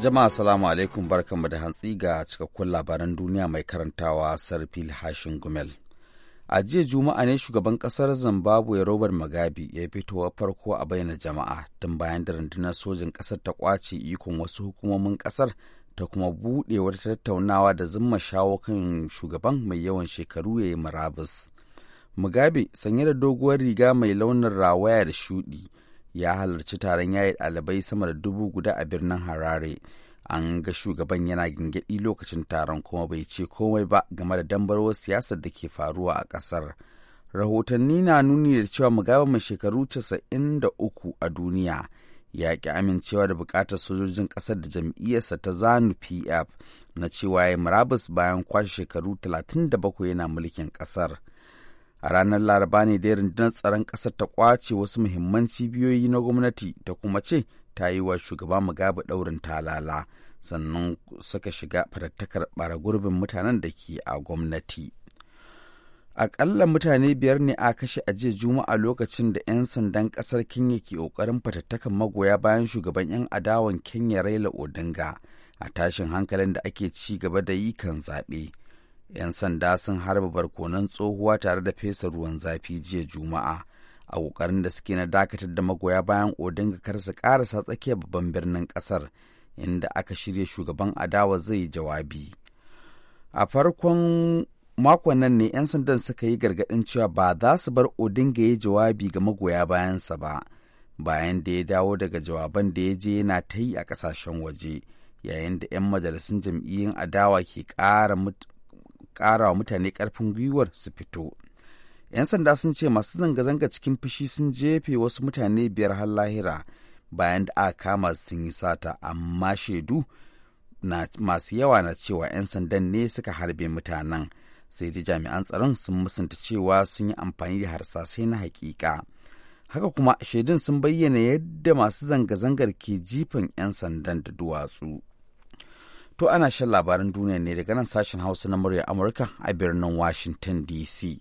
Jama'a salamu alaikum barkanmu da hantsi ga cikakkun labaran duniya mai karantawa Sarfil Hashin Gumel. A jiya Juma'a ne shugaban kasar Zimbabwe Robert Mugabe ya fitowa farko a bayyana jama'a tun bayan da rundunar sojin kasar ta kwace ikon wasu hukumomin kasar ta kuma buɗe wata tattaunawa da zimma shawo kan shugaban mai yawan shekaru ya yi murabus. Mugabe sanye da doguwar riga mai launin rawaya da shuɗi. ya halarci taron yayi ɗalibai sama da dubu guda a birnin harare an ga shugaban yana gingaɗi lokacin taron kuma bai ce komai ba game da dambarwar siyasar da ke faruwa a ƙasar rahotanni na nuni da cewa mugabe mai shekaru 93 a duniya ya ƙi amincewa da buƙatar sojojin ƙasar da jam'iyyarsa ta zanu pf na cewa ya yi murabus bayan kwashe shekaru 37 yana mulkin ƙasar. a ranar laraba ne da rundunar tsaron ƙasar ta kwace wasu muhimman cibiyoyi na gwamnati ta kuma ce ta yi wa shugaba mugabe ɗaurin talala sannan suka shiga fatattakar bara gurbin mutanen da ke a gwamnati aƙalla mutane biyar ne a kashe a jiya juma'a lokacin da 'yan sandan ƙasar kenya ke ƙoƙarin fatattakan magoya bayan shugaban 'yan adawan kenya raila odinga a tashin hankalin da ake ci gaba da yi kan zaɓe. 'yan sanda sun harba barkonan tsohuwa tare da fesa ruwan zafi jiya juma'a a ƙoƙarin da suke na dakatar da magoya bayan odinga kar su ƙarasa tsakiyar babban birnin ƙasar inda aka shirya shugaban adawa zai jawabi a farkon makon nan ne 'yan sandan suka yi gargaɗin cewa ba za su bar odinga ya jawabi ga magoya bayansa ba bayan da ya dawo daga jawaban da ya je yana ta yi a ƙasashen waje yayin da 'yan majalisun jam'iyyun adawa ke ƙara ƙara wa mutane ƙarfin gwiwar su fito. 'Yan sanda sun ce masu zanga-zanga cikin fushi sun jefe wasu mutane biyar har lahira bayan da aka kama sun yi sata amma shaidu masu yawa na cewa 'yan sandan ne suka harbe mutanen sai da jami'an tsaron sun musanta cewa sun yi amfani da harsashe na hakika. haka kuma shaidun sun bayyana yadda masu zanga-zangar ke jifan 'yan sandan da duwatsu. To ana shan labaran duniya ne daga nan sashen Hausa na murya Amurka a birnin Washington DC.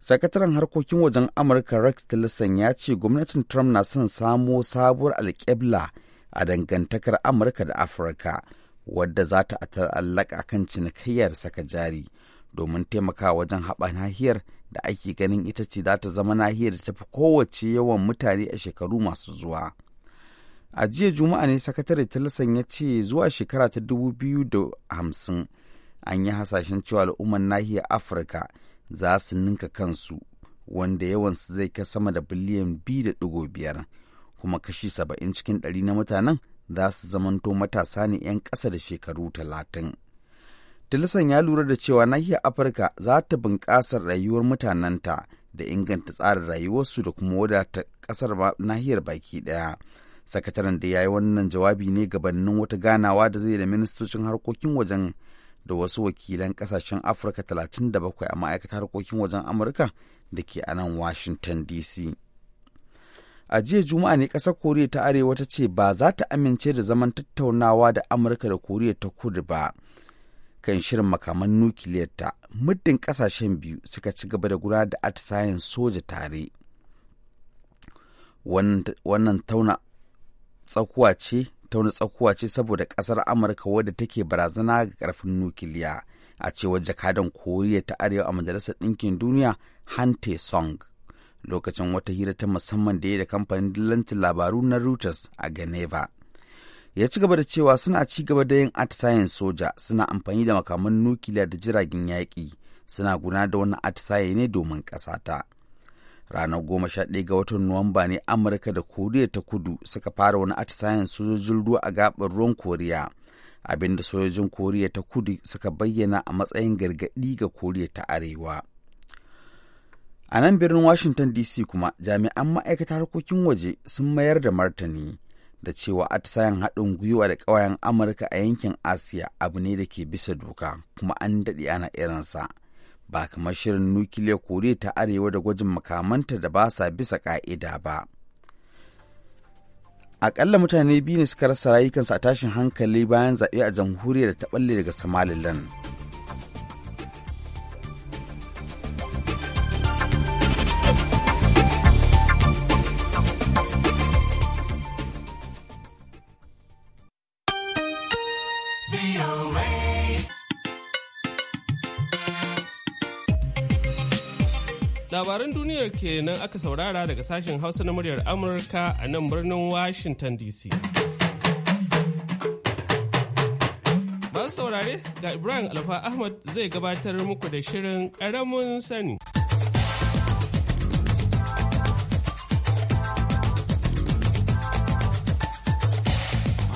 Sakataren harkokin wajen Amurka Rex Tillerson ya ce gwamnatin Trump na son samo sabuwar alƙibla a dangantakar Amurka da Afirka wadda za ta ta'allaka kan cinikayyar saka jari domin taimakawa wajen haɓa nahiyar da ake ganin ita ce za ta zama nahiyar da tafi kowace yawan mutane a shekaru masu zuwa. a jiya juma'a ne sakatare tilson ya ce zuwa shekara ta 2050 an yi hasashen cewa al'ummar nahiyar afirka za su ninka kansu wanda yawansu zai kai sama da biliyan 2.5 kuma kashi 70 cikin 100 na mutanen za su zamanto matasa ne 'yan ƙasa da shekaru 30 tilson ya lura da cewa nahiyar afirka za ta bunƙasa rayuwar mutanenta da inganta tsarin rayuwarsu da kuma wadata ƙasar nahiyar baki ɗaya sakataren da ya yi wannan jawabi ne gabanin wata ganawa da zai da ministocin harkokin wajen da wasu wakilan kasashen afirka 37 a ma'aikatar harkokin wajen amurka da ke a nan washington dc a jiya juma'a ne ƙasar koriya ta arewa ta ce ba za ta amince da zaman tattaunawa da amurka da koriya ta kudu ba kan shirin makaman nukiliyarta muddin kasashen biyu suka ci gaba da gudanar da atisayen soja tare wannan tauna tsakuwa ce ta wani tsakuwa ce saboda ƙasar amurka wadda take barazana ga karfin nukiliya a cewar jakadan koriya ta arewa a majalisar ɗinkin duniya hante song lokacin wata hira ta musamman da ya da kamfanin dillancin labaru na reuters a geneva ya ci gaba da cewa suna ci gaba da yin atisayen soja suna amfani da makaman nukiliya da jiragen yaƙi suna guna da wani atisaye ne domin ƙasata. ranar goma sha ɗaya ga watan nuwamba ne amurka da koriya ta kudu suka fara wani atisayen sojojin ruwa a gaɓar ruwan koriya abinda sojojin koriya ta kudu suka bayyana a matsayin gargaɗi ga koriya ta arewa a nan birnin washington dc kuma jami'an ma'aikatar harkokin waje sun mayar da martani da cewa atisayen haɗin gwiwa da ƙawayen amurka a yankin asiya abu ne da ke bisa doka kuma an daɗe ana irinsa ba kamar shirin nukiliya koriya ta arewa da gwajin makamanta da ba sa bisa ka'ida ba akalla mutane biyu ne suka rasa rayukansu a tashin hankali bayan zaɓe a jamhuriyar da ta ɓalle daga somaliland kenan aka saurara daga sashen Hausa na muryar Amurka a nan birnin Washington DC. Masu saurare ga Ibrahim Alfa Ahmad zai gabatar muku da shirin ƙaramin sani.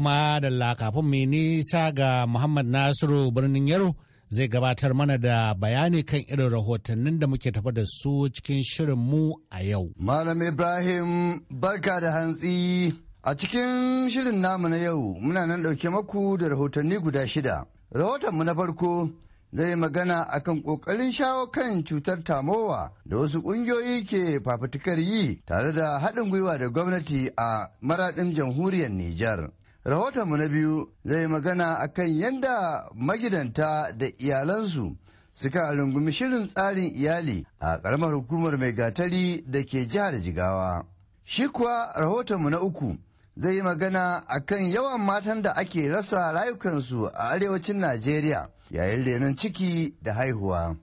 ma da kafin mai nisa ga Muhammad Nasiru birnin Yaro zai gabatar mana da bayani kan irin rahotannin da muke tafa da su cikin shirin mu a yau. Malam Ibrahim barka da hantsi a cikin shirin namu na yau muna nan ɗauke maku da rahotanni guda shida. Rahotonmu na farko zai magana akan kokarin shawo kan cutar tamowa da wasu ƙungiyoyi ke fafutukar yi tare da haɗin gwiwa da gwamnati a maraɗin jamhuriyar Nijar. Rahotonmu na biyu zai magana a kan yadda magidanta da iyalansu suka rungumi shirin tsarin iyali a ƙaramar hukumar mai gatari da ke jihar Jigawa. Shi kuwa rahotonmu na uku zai yi magana a kan yawan matan da ake rasa rayukansu a arewacin Najeriya yayin renon ciki da haihuwa.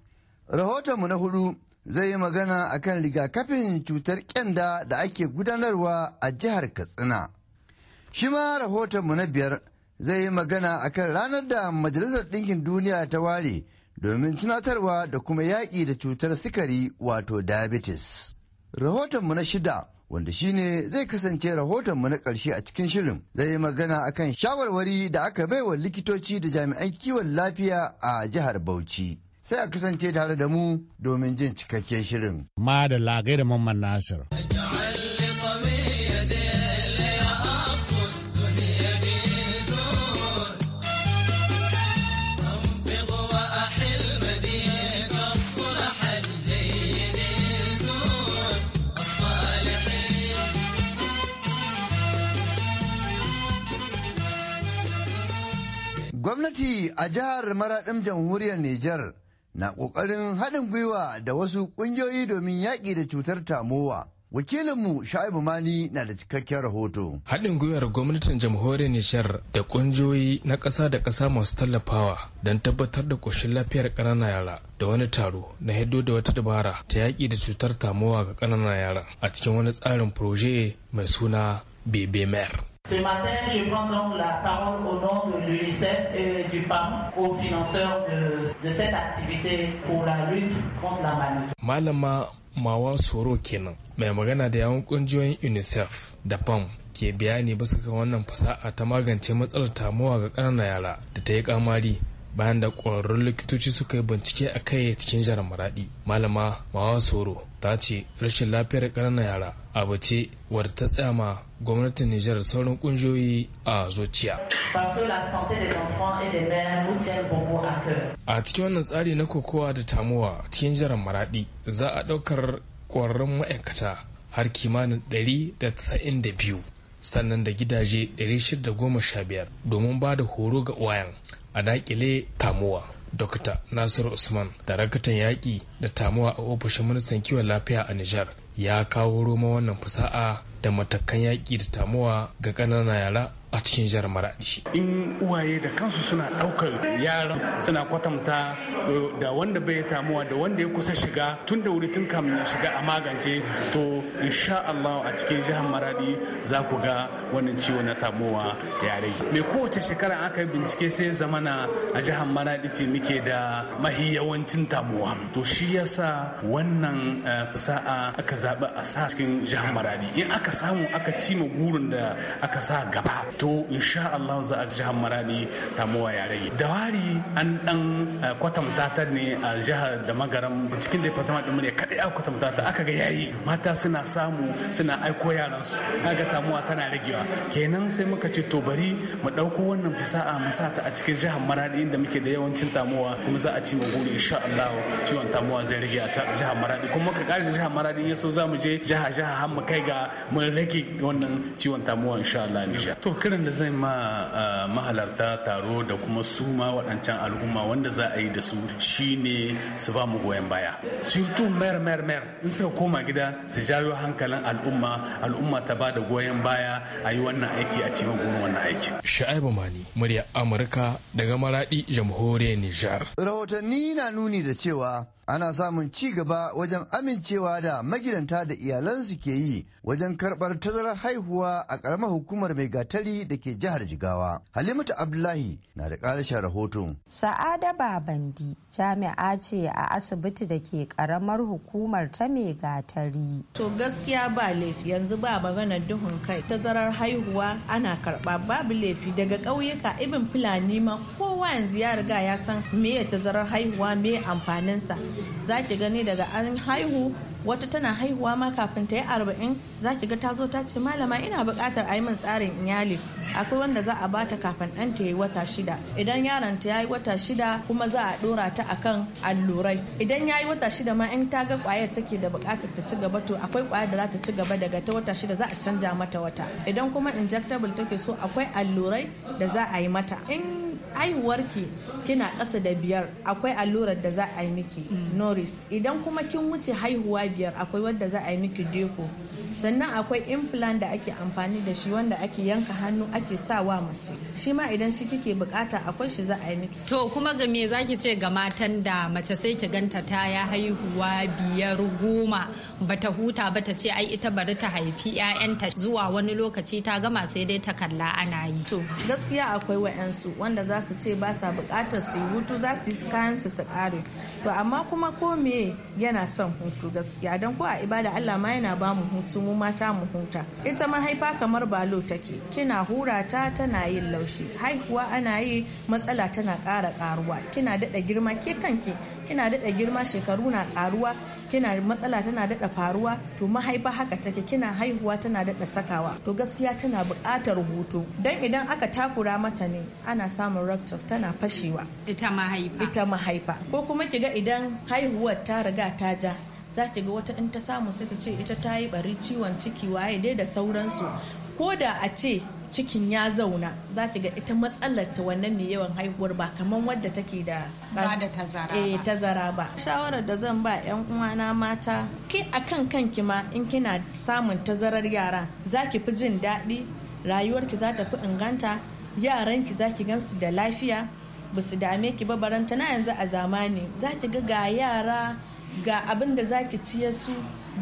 Rahotonmu na hudu zai yi magana a kan rigakafin cutar kyanda da ake gudanarwa a jihar Katsina. Shi ma rahotonmu na biyar zai yi magana a kan ranar da Majalisar Ɗinkin Duniya ta ware domin tunatarwa da kuma yaƙi da cutar sikari wato diabetes. Rahotonmu na shida wanda shi ne zai kasance rahotonmu na ƙarshe a cikin shirin zai yi magana a kan shawarwari da aka baiwa likitoci da jami'an kiwon lafiya a jihar Bauchi. Sai a kasance tare da mu domin jin cikakken shirin. Ma da lagai da Mamman Nasir. Gwamnati a jihar Maraɗin jamhuriyar Nijar na ƙoƙarin haɗin gwiwa da wasu ƙungiyoyi domin yaƙi da cutar tamowa. Wakilinmu Sha'ibu Mani na da cikakken rahoto. Haɗin gwiwar gwamnatin jamhuriyar Nijar da ƙungiyoyi na ƙasa da ƙasa masu tallafawa don tabbatar da ƙoshin lafiyar ƙananan yara da wani taro na hiddo da wata dabara ta yaƙi da cutar tamowa ga ƙananan yara a cikin wani tsarin proje mai suna Bebe Mer. Ce matin, je prends donc la parole au nom de l'UNICEF et du PAM, aux financeurs de, de, cette activité pour la lutte contre la maladie. Malama Mawa Soro kenan mai magana da yawon kungiyoyin UNICEF da PAM ke bayani ba kan wannan fasaha ta magance matsalar tamuwa ga ƙananan yara da ta yi kamari bayan da ƙwararrun likitoci suka yi bincike a kai cikin jihar Maradi. Malama Mawa Soro ta ce rashin lafiyar ƙananan yara abu ce wadda ta tsaya ma gwamnatin Nijar sauran kungiyoyi a zuciya. A cikin wannan tsari na kokowa da tamuwa cikin jiran maradi za a ɗaukar ƙwararrun ma'aikata har kimanin 192 sannan da gidaje 615 domin ba da horo ga wayan a dakile tamuwa. Dokta Nasiru Usman, darakatan yaƙi da tamuwa a ofishin ministan kiwon lafiya a Nijar, ya kawo roma wannan fusa'a da matakan yaƙi da tamuwa ga ƙananan yara a cikin jihar maradi in uwaye da kansu suna ɗaukar yaran suna kwatanta eh, da wanda bai tamuwa da wanda ya kusa shiga tun da wuri tun kamin ya shiga a magance to insha Allah a cikin jihar maradi za ku ga wannan ciwo na tamuwa ya rage me kowace shekara aka yi bincike sai zamana a jihar maradi ce muke da mahi yawancin tamuwa to shi yasa wannan eh, fasaha aka zaɓi a sa cikin jihar maradi in aka samu aka ci ma gurin da aka sa gaba to insha Allah za a jihar Maradi tamuwa ya rage da wari an dan eh, kwatanta ta ne a jihar da magaram cikin fatama din ne kadai a kwatanta ta aka ga yayi mata suna samu suna aiko yaran su kaga tamuwa tana ragewa kenan sai muka ce to bari mu dauko wannan fisa'a mu sa ta a cikin jihar Marani inda muke da yawancin tamuwa kuma za a ci mu in insha Allah ciwon tamuwa zai rage a jihar Marani kuma ka kare jihar Marani in yaso za mu je jihar jiha har mu kai ga mun rage wannan ciwon tamuwa insha Allah to kiran da zai ma mahalarta taro da kuma suma ma waɗancan al'umma wanda za a yi da su shi ne su ba mu goyon baya surtu mer mer mer in suka koma gida su jawo hankalin al'umma al'umma ta ba da goyon baya a yi wannan aiki a cikin gudun wannan aiki sha'ibu mani murya amurka daga maradi jamhuriyar nijar rahotanni na nuni da cewa ana samun ci gaba wajen amincewa da magidanta da iyalansu ke yi wajen karbar tazarar haihuwa a karamar hukumar mai gatari da ke jihar Jigawa. Halimatu Abdullahi na da ƙarashin rahoton. Sa'ada Babandi jami'a ce a asibiti da ke karamar hukumar ta mai gatari. To gaskiya ba laifi yanzu ba maganar duhun kai tazarar haihuwa ana karba. babu laifi daga ƙauyuka ibin Fulani ma kowa yanzu ya riga ya san me tazarar haihuwa me amfaninsa. za ki gani daga an haihu wata tana haihuwa ma kafin ta yi arba'in za ki ga ta zo ta ce malama ina buƙatar a yi min tsarin iyali akwai wanda za a bata kafin ɗanta ya yi wata shida idan yaron ta ya yi wata shida kuma za a ɗora ta akan allurai idan ya yi wata shida ma in ta ga kwayar take da buƙatar ta ci gaba to akwai kwayar da za ta ci gaba daga ta wata shida za a canja mata wata idan kuma injectable take so akwai allurai da za a yi mata in haihuwar ki kina ƙasa da biyar akwai allurar da za a yi miki mm. noris idan kuma kin wuce haihuwa biyar akwai wadda za a yi miki deko sannan akwai implant da ake amfani da shi wanda ake yanka hannu ake ake sawa mace shi ma idan shi kike bukata akwai shi za a yi miki to kuma ga me zaki ce ga matan da mace sai ki ganta ta ya haihuwa biyar goma bata huta ba ta ce ai ita bari ta haifi 'ya'yanta zuwa wani lokaci ta gama sai dai ta kalla ana yi to gaskiya akwai wa'yansu wanda za su ce ba sa bukatar su yi hutu za su yi kayan su kare to amma kuma ko me yana son hutu gaskiya don ko a ibada Allah ma yana ba mu hutu mu mata mu huta ita mahaifa kamar balo take kina hura fata tana yin laushi haihuwa ana yi matsala tana ƙara ƙaruwa kina daɗa girma ke kanki kina daɗa girma shekaru na ƙaruwa kina matsala tana daɗa faruwa to mahaifa haka take kina haihuwa tana daɗa sakawa to gaskiya tana buƙatar hoto dan idan aka takura mata ne ana samun rupture tana fashewa ita mahaifa ko kuma ki ga idan haihuwar ta riga ta ja za ki ga wata in ta samu sai ta ce ita ta yi bari ciwon ciki waye dai da sauransu ko da a ce cikin ya zauna za ki ga ita matsalar ta wannan mai yawan haihuwar ba kamar wadda take da ba da tazara eh tazara ba shawarar da zan ba yan uwana mata ke akan kanki ma in kina samun tazarar yara za ki fi jin daɗi rayuwarki za ta fi inganta yaranki za ki gansu da lafiya ba su dame ki ba baranta na yanzu a zamani za ki ga ga yara ga abin da za ki ciye su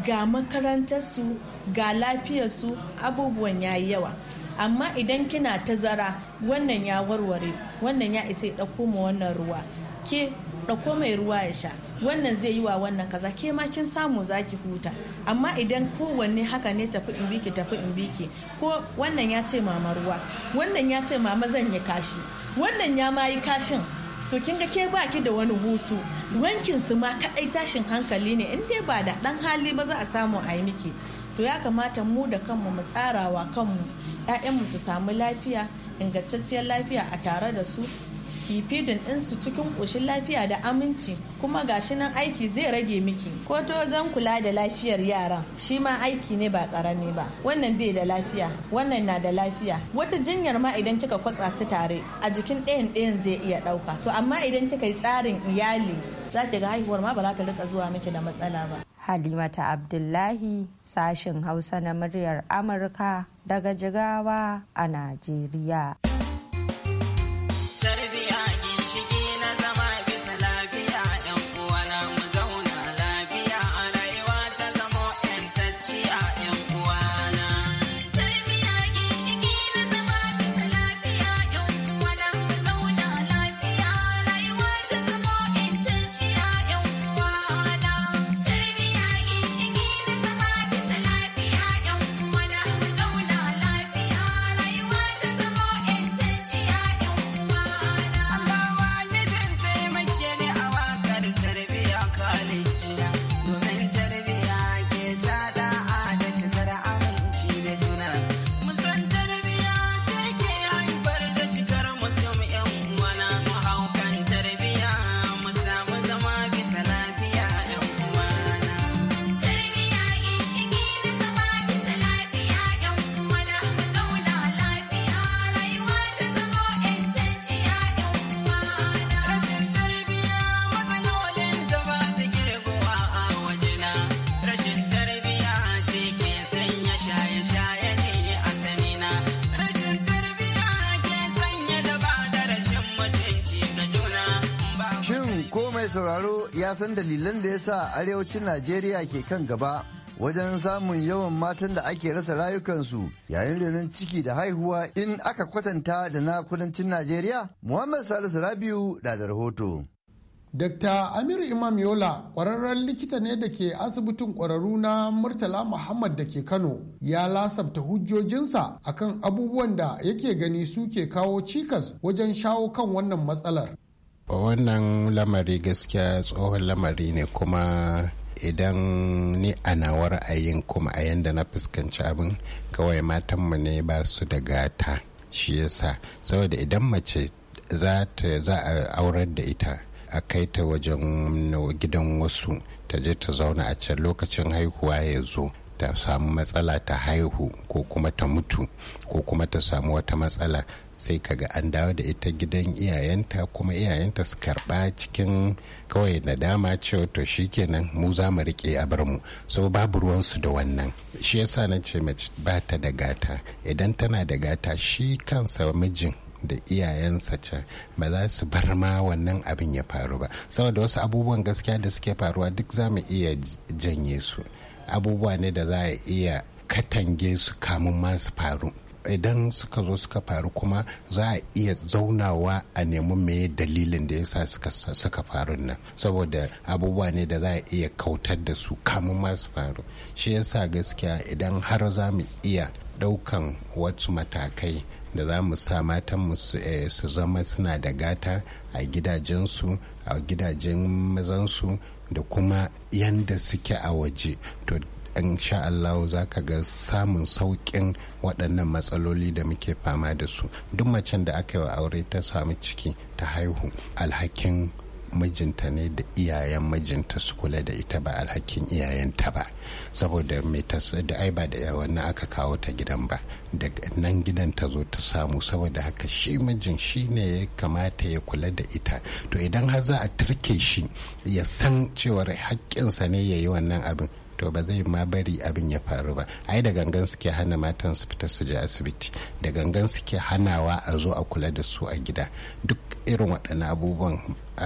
ga makarantarsu ga lafiyarsu abubuwan ya yi yawa amma idan kina tazara wannan ya warware wannan ya isa ya ɗauko ma wannan ruwa ke ɗauko mai ruwa ya sha wannan zai yi wa wannan kaza ke ma kin samu zaki huta amma idan kowanne haka ne tafi in biki tafi in biki ko wannan ya ce mama ruwa wannan ya ce mama zan yi kashi wannan ya ma yi kashin to kin ga ke ba ki da wani hutu wankin su ma kadai tashin hankali ne in dai ba da dan hali ba za a samu a yi miki to ya kamata mu da kanmu mu tsarawa kanmu 'ya'yanmu su samu lafiya ingantacciyar lafiya a tare da su kifidin ɗinsu cikin ƙoshin lafiya da aminci kuma gashi nan aiki zai rage miki ko ta wajen kula da lafiyar yaran shi ma aiki ne ba ƙarami ba wannan bai da lafiya wannan na da lafiya wata jinyar ma idan kika kwatsa su tare a jikin ɗayan ɗayan zai iya ɗauka to amma idan kika yi tsarin iyali za ki ga haihuwar ma ba za ta rika zuwa miki da matsala ba Halimata Abdullahi sashin Hausa na muryar Amurka daga Jigawa a Najeriya. mai sauraro ya san dalilan da ya sa arewacin Najeriya ke kan gaba wajen samun yawan matan da ake rasa rayukansu yayin renon ciki da haihuwa in aka kwatanta da na kudancin Najeriya? Muhammad Salisu Rabiu da da rahoto. Dr. Amir Imam Yola, ƙwararren likita ne da ke asibitin ƙwararru na Murtala Muhammad da ke Kano, ya lasabta hujjojinsa akan abubuwan da yake gani su ke kawo cikas wajen shawo kan wannan matsalar. wannan lamari gaskiya tsohon lamari ne kuma idan ni a nawa kuma a yanda na fuskanci abin kawai matanmu ne ba su da gata shi yasa saboda idan mace za a aurar da ita a kai ta wajen gidan wasu ta je ta zauna a can lokacin haihuwa ya zo ta samu matsala ta haihu ko kuma ta mutu ko kuma ta samu wata matsala sai kaga an dawo da ita gidan iyayenta kuma iyayenta su karba cikin kawai na dama cewa to shikenan mu za mu rike a bar mu so babu ruwansu da wannan shi yasa na ce mace ba ta da gata idan tana da gata shi kansa mijin da iyayensa can ba za su bar ma wannan abin ya faru ba saboda wasu abubuwan gaskiya da suke faruwa duk za mu iya janye su abubuwa ne da za a iya katange su kamun ma faru idan suka zo suka faru kuma za a iya zaunawa a nemi mai dalilin da ya sa suka faru nan saboda abubuwa ne da za a iya kautar da su kamun masu faru shi yasa gaskiya idan har za mu iya daukan wasu matakai da za mu sa matan eh, su zama suna da gata a gidajensu a gidajen mazansu da kuma yanda suke a waje to in sha Allah za ka ga samun sauƙin waɗannan matsaloli da muke fama da su duk macen da aka yi wa aure ta samu ciki ta haihu alhakin mijinta ne da iyayen mijinta su kula da ita ba alhakin iyayenta ba saboda mai ta da ai ba da wannan aka kawo ta gidan ba daga nan gidan ta zo ta samu saboda haka shi mijin shi ne ya kamata ya kula da ita to idan har za a turke shi ya san cewar haƙƙinsa ne ya yi wannan abin to ba zai ma bari abin ya faru ba ai da gangan suke hana matan su fita su je asibiti da gangan suke hanawa a zo a kula da su a gida duk irin waɗannan abubuwan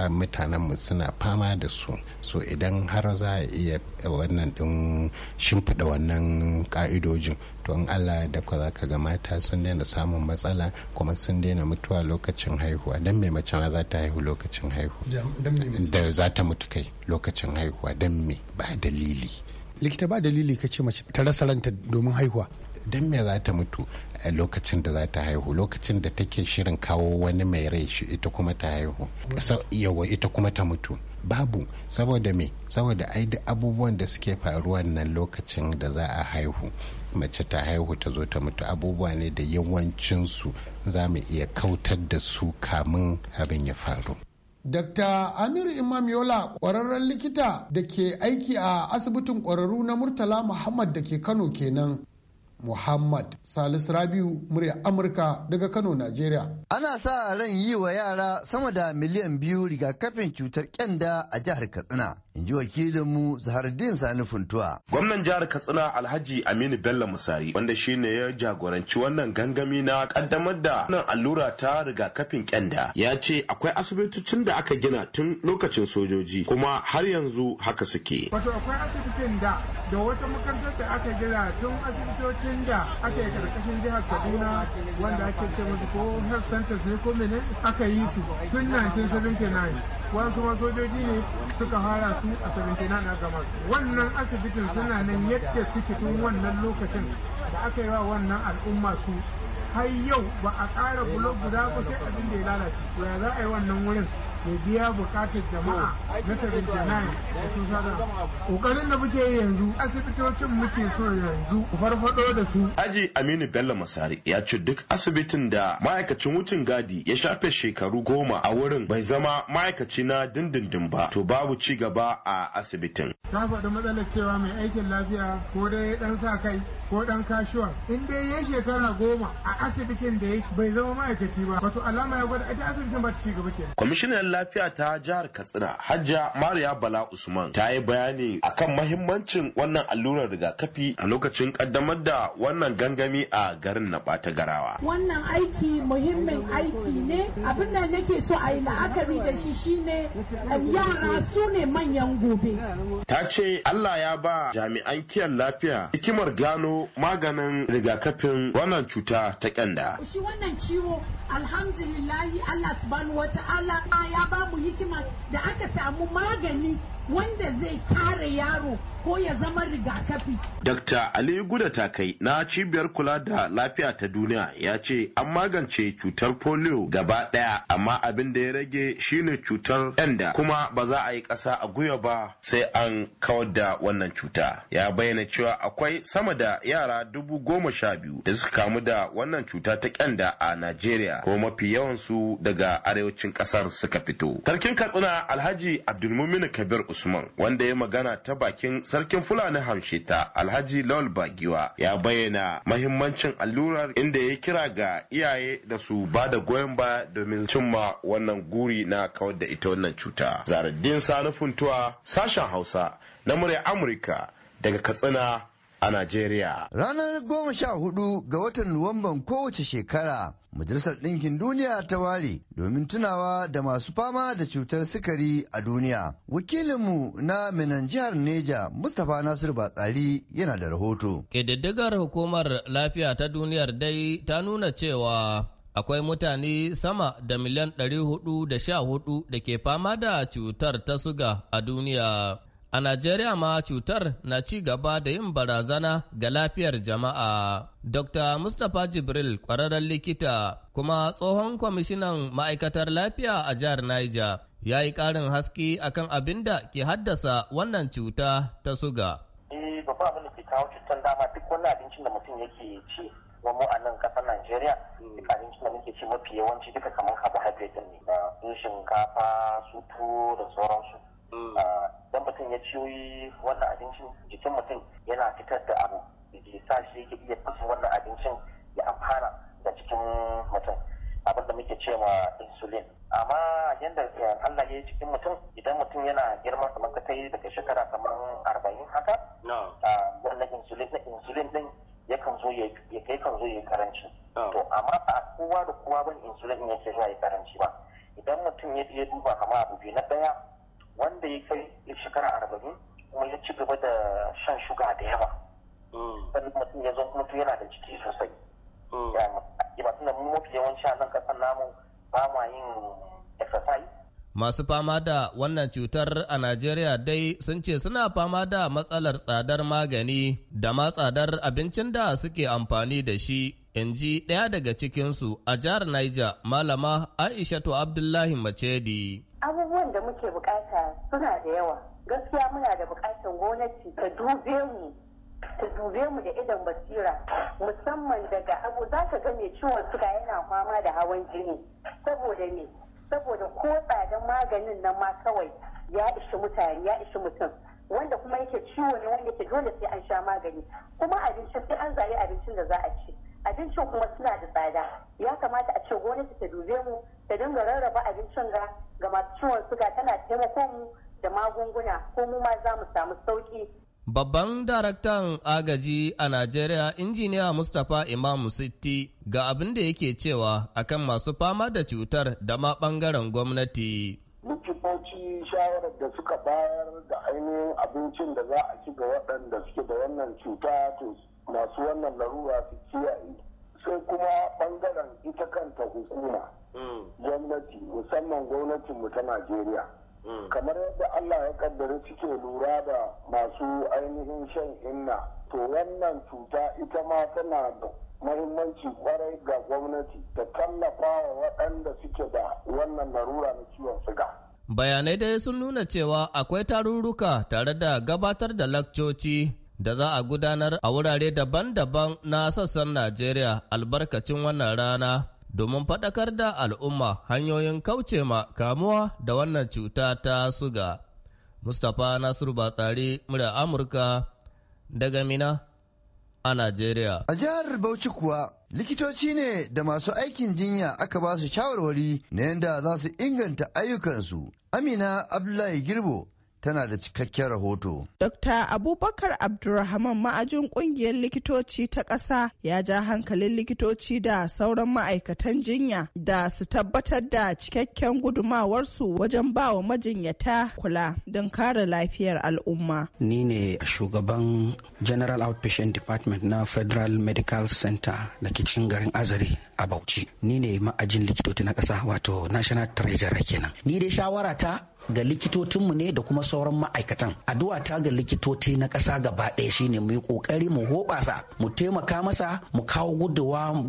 mutanenmu suna fama da su so idan har za a iya eh, wannan din shimfiɗa wannan ka'idojin to in allah da kaza za ka ga mata sun daina samun matsala kuma sun daina mutuwa lokacin haihuwa don mai mace ma za ta haihu lokacin haihuwa da za ta mutu kai lokacin haihuwa don me ba dalili likita ba dalili ka ce mace ta rasa ranta domin haihuwa don me za ta mutu a lokacin da za ta haihu lokacin da take shirin kawo wani mai rai shi ita kuma ta haihu yawa ita kuma ta mutu babu saboda me saboda ai da abubuwan da suke faruwa nan lokacin da za a haihu mace ta haihu ta zo ta mutu abubuwa ne da yawancinsu za mu iya kautar da su kamun abin ya faru Dr. Amir Imam Yola kwararren likita da ke aiki a asibitin ƙwararru na Murtala Muhammad da ke Kano kenan Muhammad Salisu Rabiu murya Amurka daga Kano, Najeriya. Ana sa ran yi wa yara sama da miliyan biyu rigakafin cutar kyanda a jihar Katsina. in ji mu Zahardin Sani Funtuwa. Gwamnan jihar Katsina Alhaji Aminu Bello Musari wanda shine ya jagoranci wannan gangami na kaddamar da wannan allura ta rigakafin kyanda ya ce akwai asibitocin da aka gina tun lokacin sojoji kuma har yanzu haka suke. Wato akwai asibitin da da wata makarantar da aka gina tun asibitocin da aka yi karkashin jihar Kaduna wanda ake ce musu ko health centers ne ko menene aka yi su tun 1979. wasu ma sojoji ne suka hara su a 79 na gama wannan asibitin suna nan yadda suke tun wannan lokacin da aka yi wa wannan al'umma su har yau ba a ƙara bulon guda ba sai abin da ya lalace to ya za a yi wannan wurin ya biya bukatar jama'a na 79 ƙoƙarin da muke yi yanzu asibitocin muke so yanzu farfado da su aji aminu bello masari ya ce duk asibitin da ma'aikacin wucin gadi ya shafe shekaru goma a wurin bai zama ma'aikaci na dindindin ba to babu ci gaba a asibitin ta faɗi matsalar cewa mai aikin lafiya ko dai ɗan sa kai ko ɗan kashuwa in dai ya shekara goma a asibitin da yake bai zama ma'aikaci ba wato alama ya gwada ita asibitin ba ta ci gaba kenan kwamishinan lafiya ta jihar katsina hajja mariya bala usman ta yi bayani akan mahimmancin wannan allurar rigakafi a lokacin kaddamar da wannan gangami a garin na bata garawa wannan aiki muhimmin aiki ne abin da nake so a yi la'akari da shi shine um, yara su ne manyan gobe ta ce allah ya ba jami'an kiyan lafiya hikimar gano maganin rigakafin wannan cuta ta ta kanda. Shi wannan ciwo alhamdulillahi Allah subhanahu wa ta'ala ya ba mu hikima da aka samu magani wanda zai kare yaro ko ya zama rigakafi. Dr. Ali Guda Takai na cibiyar kula da lafiya ta duniya ya ce an magance cutar polio gaba ɗaya amma abin da ya rage shine cutar yanda kuma ba za a yi ƙasa a guya ba sai an kawar da wannan cuta. Ya bayyana cewa akwai sama da yara dubu goma sha biyu da suka kamu da wannan cuta ta kyanda a Najeriya ko mafi yawansu daga arewacin ƙasar suka fito. Sarkin Katsina Alhaji Abdulmumin Kabir Usman wanda ya magana ta bakin sarkin Fulani Hamshita Alhaji Lawal Bagiwa ya bayyana mahimmancin allurar inda ya kira ga iyaye da su ba da goyon baya domin cimma wannan guri na kawar da ita wannan cuta. Zaradin Sanufuntuwa sashen Hausa na murya Amurka daga Katsina a Najeriya. Ranar goma sha hudu ga watan Nuwamban kowace shekara, Majalisar Ɗinkin Duniya ta ware domin tunawa da masu fama da cutar sukari a duniya. Wakilinmu na Minan jihar Neja, Mustapha Nasiru Batsari yana da rahoto. Ƙididdigar hukumar lafiya ta duniyar dai ta nuna cewa akwai mutane sama da miliyan 414 da ke fama da cutar ta suga a duniya. A Najeriya ma cutar na ci gaba da yin barazana ga lafiyar jama'a. Dr. Mustapha Jibril ƙwararren likita kuma tsohon kwamishinan ma'aikatar lafiya a jihar Niger ya yi ƙarin haske akan abin da ke haddasa wannan cuta ta suga. Eh, babban cutar dama duk yake ci wa mu a nan kasar Najeriya duk abincin da muke ci mafi yawanci duka kamar carbohydrate ne da shinkafa su tuwo da sauransu. Mm. Ah, dan mutum ya ciyoyi wannan abincin jikin mutum yana fitar da abu da sa shi yake iya fasa wannan abincin ya amfana da cikin mutum abin da muke cewa insulin amma yadda eh, Allah ya yi cikin mutum idan mutum yana girma kamar ka yi daga shekara kamar arba'in haka ah, wannan insulin insulin din yakan zo ya kan zo ya karanci to amma ba kowa da kowa ban insulin yake zuwa ya karanci ba idan mutum ya duba kamar abu biyu na ɗaya. wanda ya kai shekara arba'in kuma ya ci gaba da shan shuga da yawa mm. sannan mutum ya zo mutu yana da ciki sosai mm. ya ba mafi yawanci a nan kasan namu ba ma yin exercise Masu fama da wannan cutar a Najeriya dai sun ce suna fama da matsalar tsadar magani da ma tsadar abincin da suke amfani da shi, in ji ɗaya daga cikinsu a jihar Niger, Malama Aishatu Abdullahi Macedi. abubuwan da muke bukata suna da yawa gaskiya muna da bukatan gwamnati ta dube mu ta dube mu da idan basira musamman daga abu za ka ga mai ciwon suka yana fama da hawan jini saboda ne saboda ko tsadan maganin nan ma kawai ya ishi mutane ya ishi mutum wanda kuma yake ciwo ne wanda ke dole sai an sha magani kuma abinci sai an zaɓi abincin da za a ci abincin kuma suna da tsada ya kamata a ce gwamnati ta dube mu ta dinga rarraba abincin ga ga masu ciwon suga tana taimako mu da magunguna ko mu ma za mu samu sauki Babban daraktan agaji a Najeriya, injiniya Mustapha Imam Sitti, ga abin da yake cewa akan masu fama da cutar da ma ɓangaren gwamnati. Likitoci shawarar da suka bayar da ainihin abincin da za a ci ga waɗanda suke da wannan cuta to masu wannan larura su kiyaye sai kuma bangaren ita kanta hukuma mm. gwamnati musamman gwamnatinmu ta najeriya mm. kamar yadda allah ya kaddara suke lura da masu ainihin shan inna to wannan cuta ita ma tana da mahimmanci kwarai ga gwamnati ta tallafa wa waɗanda suke da wannan larura na ciwon siga. Bayanai dai sun nuna cewa akwai tarurruka tare da gabatar da lakcoci da za a gudanar a wurare daban-daban na sassan Najeriya albarkacin wannan rana domin faɗakar da al'umma hanyoyin kauce ma kamuwa da wannan cuta ta suga. Mustapha Nasiru Batsari, mura Amurka daga Mina a Najeriya. A jihar Bauchi kuwa likitoci ne da masu aikin jinya aka ba su shawarwari na yadda za su inganta ayyukansu. Amina Abdullahi Girbo tana da cikakken rahoto. Dr. Abubakar Abdulrahman ma'ajin kungiyar likitoci ta ƙasa ya ja hankalin likitoci da sauran ma'aikatan jinya da su tabbatar da cikakken gudumawarsu wajen ba wa majinyata kula don kare lafiyar al'umma. Ni ne shugaban General Outpatient Department na Federal Medical Center da ke cikin garin Azare a Bauchi ni ne ma'ajin likitoci na ƙasa wato National Treasurer kenan ni dai shawara ta ga likitocinmu ne da kuma sauran ma'aikatan addu'a ta ga likitoci na ƙasa gaba ɗaya shine mu yi ƙoƙari mu hoɓasa mu taimaka masa mu kawo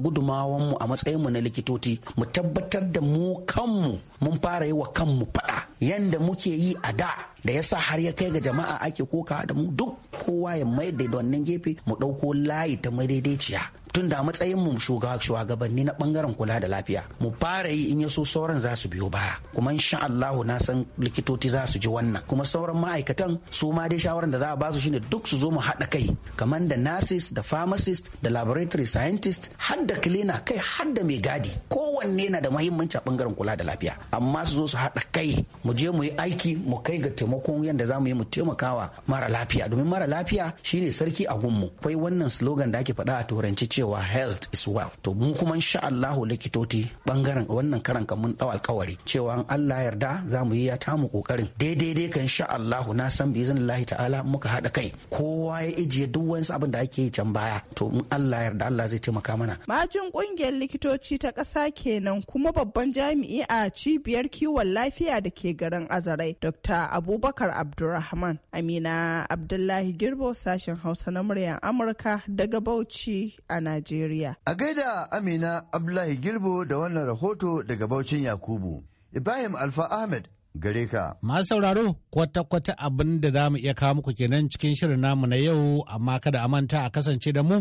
gudumawan mu a matsayinmu na likitoci mu tabbatar da mu kanmu mun fara yi wa kanmu faɗa yanda muke yi a da da yasa har ya kai ga jama'a ake koka da mu duk kowa ya mai da wannan gefe mu ɗauko layi ta madaidaiciya tun da matsayin mu shugabanni na bangaren kula da lafiya mu fara yi in ya so sauran za su biyo baya kuma insha Allah na san likitoci za su ji wannan kuma sauran ma'aikatan su ma dai shawaran da za a ba su shine duk su zo mu haɗa kai kamar da nurses da pharmacist da laboratory scientist har da cleaner kai har da mai gadi kowanne na da muhimmanci a bangaren kula da lafiya amma su zo su haɗa kai mu je mu yi aiki mu kai ga taimakon yadda za mu yi mu taimakawa mara lafiya domin mara lafiya shine sarki a gunmu akwai wannan slogan da ake faɗa a turanci cewa health is well to mu kuma insha Allahu likitoci bangaren wannan karan ka mun dau alƙawari cewa an Allah yarda za mu yi ya tamu kokarin daidai dai kan insha Allahu na san bi iznillahi ta'ala muka haɗa kai kowa ya ijiye duk wani abin da ake yi can baya to in Allah yarda Allah zai taimaka mana majin ƙungiyar likitoci ta ƙasa kenan kuma babban jami'i a cibiyar cibiyar kiwon lafiya da ke garin Azarai, Dr. Abubakar Abdulrahman. Amina Abdullahi Girbo sashen Hausa na muryar Amurka daga Bauchi a Najeriya. A gaida Amina Abdullahi Girbo da wannan rahoto daga Baucin Yakubu. Ibrahim Alfa Ahmed gare ka. Masu sauraro kwata-kwata abin da za mu iya kawo muku kenan cikin shirin namu na yau amma kada a manta a kasance da mu